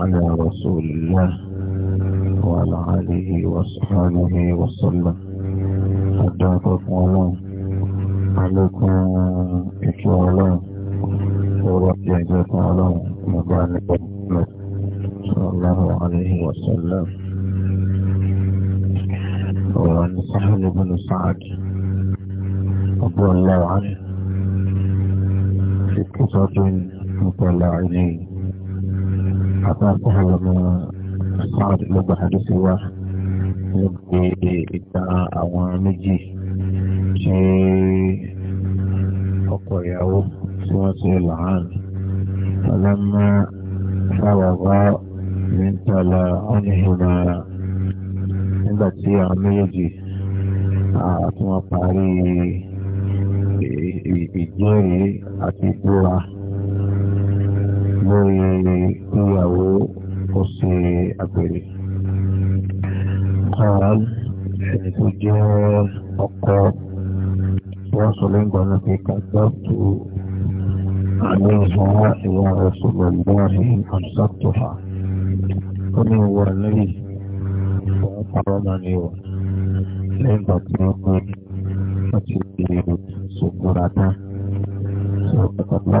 على رسول الله وعلى آله وصحبه وسلم أدعوكم الله عليكم إكرام الله ورحمة الله وبركاته صلى الله عليه وسلم وعن سهل بن سعد رضي الله عنه في قصة مطلعين àbá sahal ọmọ Sa'ad ló gba àdúgbò wa níbi ìta àwọn méjì tí ọkọ ìyàwó tí wọ́n ti làán ọlọ́mọ fáwọ̀gbá níntàlá ọ̀nìhìnà nígbà tí àwọn méjèèjì tí wọ́n parí ìjẹ́rìí àti ìbúra lórí ìyàwó ó ṣe àgbèrè. Kọ́ran ẹni tó jẹ́ ọkọ wọ́n sọ lẹ́gbọ̀n náà pé kàgbá tó àmì ìhọ́wá ìwà rẹ̀ sọ̀rọ̀ lọ́rin àṣàtọ̀fà. Ó ní ìwọ lẹ́yìn ìwọ̀n pàrọ̀ náà ni wọ̀ lẹ́yìn ìgbà tí wọ́n pé wọ́n ti fi ṣòkúra tán. Ṣòkúra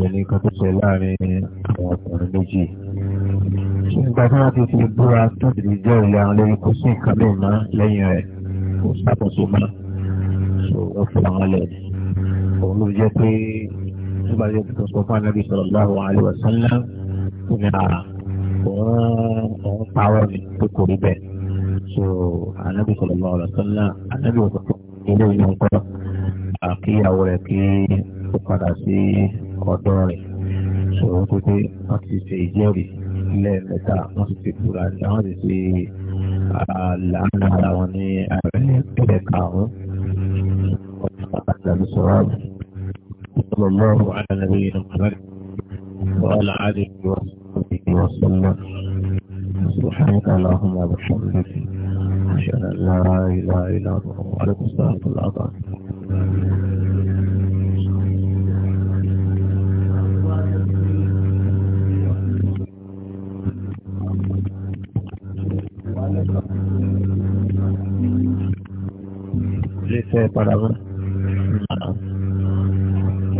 yẹ ní kan tó sọ láàrin àwọn ọkùnrin méjì nígbà tí wọ́n ti fi búra tó ti di jẹ́ ìlú àwọn lórí kó sí nǹkan mìíràn má lẹ́yìn rẹ̀ kó ṣàkóso má wọ́n fi àwọn lẹ̀ òun ló jẹ́ pé nígbà tí wọ́n sọ fún anábì sallallahu alaihi wasallam kò ní ara òun pààrọ̀ ní tó kò rí bẹ́ẹ̀ so anábì sallallahu alaihi wasallam anábì òun sọ fún ilé ìlú nǹkan àkíyàwó rẹ̀ kí ó padà sí ọ̀dọ́ rẹ̀ ṣòro tó pé wọ́n ti ṣe ìjẹ́rìí lẹ́ẹ̀mẹ́ta wọ́n ti ṣe ìfura ní àwọn ti ṣe àlàáfíà ara wọn ní ìpínlẹ̀ karùn-ún àtàlù sọ̀rọ̀ صلى الله على نبينا محمد وعلى Lẹ́sẹ̀ padà mọ́.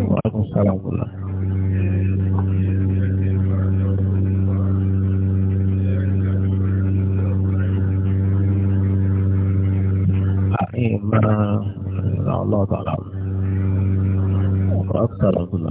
Wàhálà sàlámùlá. Àìmọ̀ ọlọ́dọ̀ọ̀lọ́. Wàhálà sàlámùlá.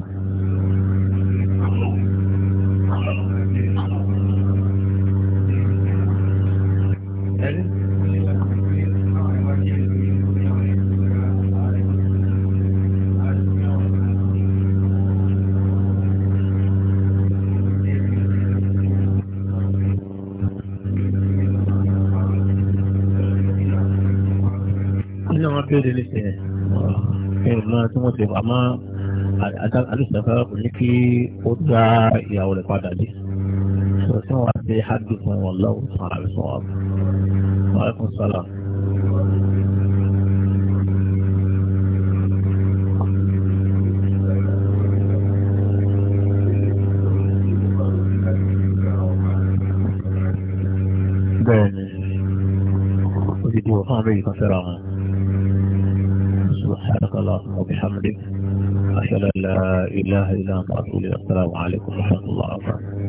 tí ó lè lè tẹ̀ ẹ̀ máa tí wọ́n ti wà máa alùsàfà kò ní kí ó dá ìyàwó rẹ̀ padà dé sọ tí wọ́n wá sí hajj fún wọn lọ́wọ́ sọ àlùsọ wa. Wàlẹ́kùn sọ́lá. Bẹ́ẹ̀ni, ó ti di wọ̀ fún àmì ìkànṣẹ́ra wọn. ولا وبحمده أشهد أن لا إله إلا أنت أقول السلام عليكم ورحمة الله وبركاته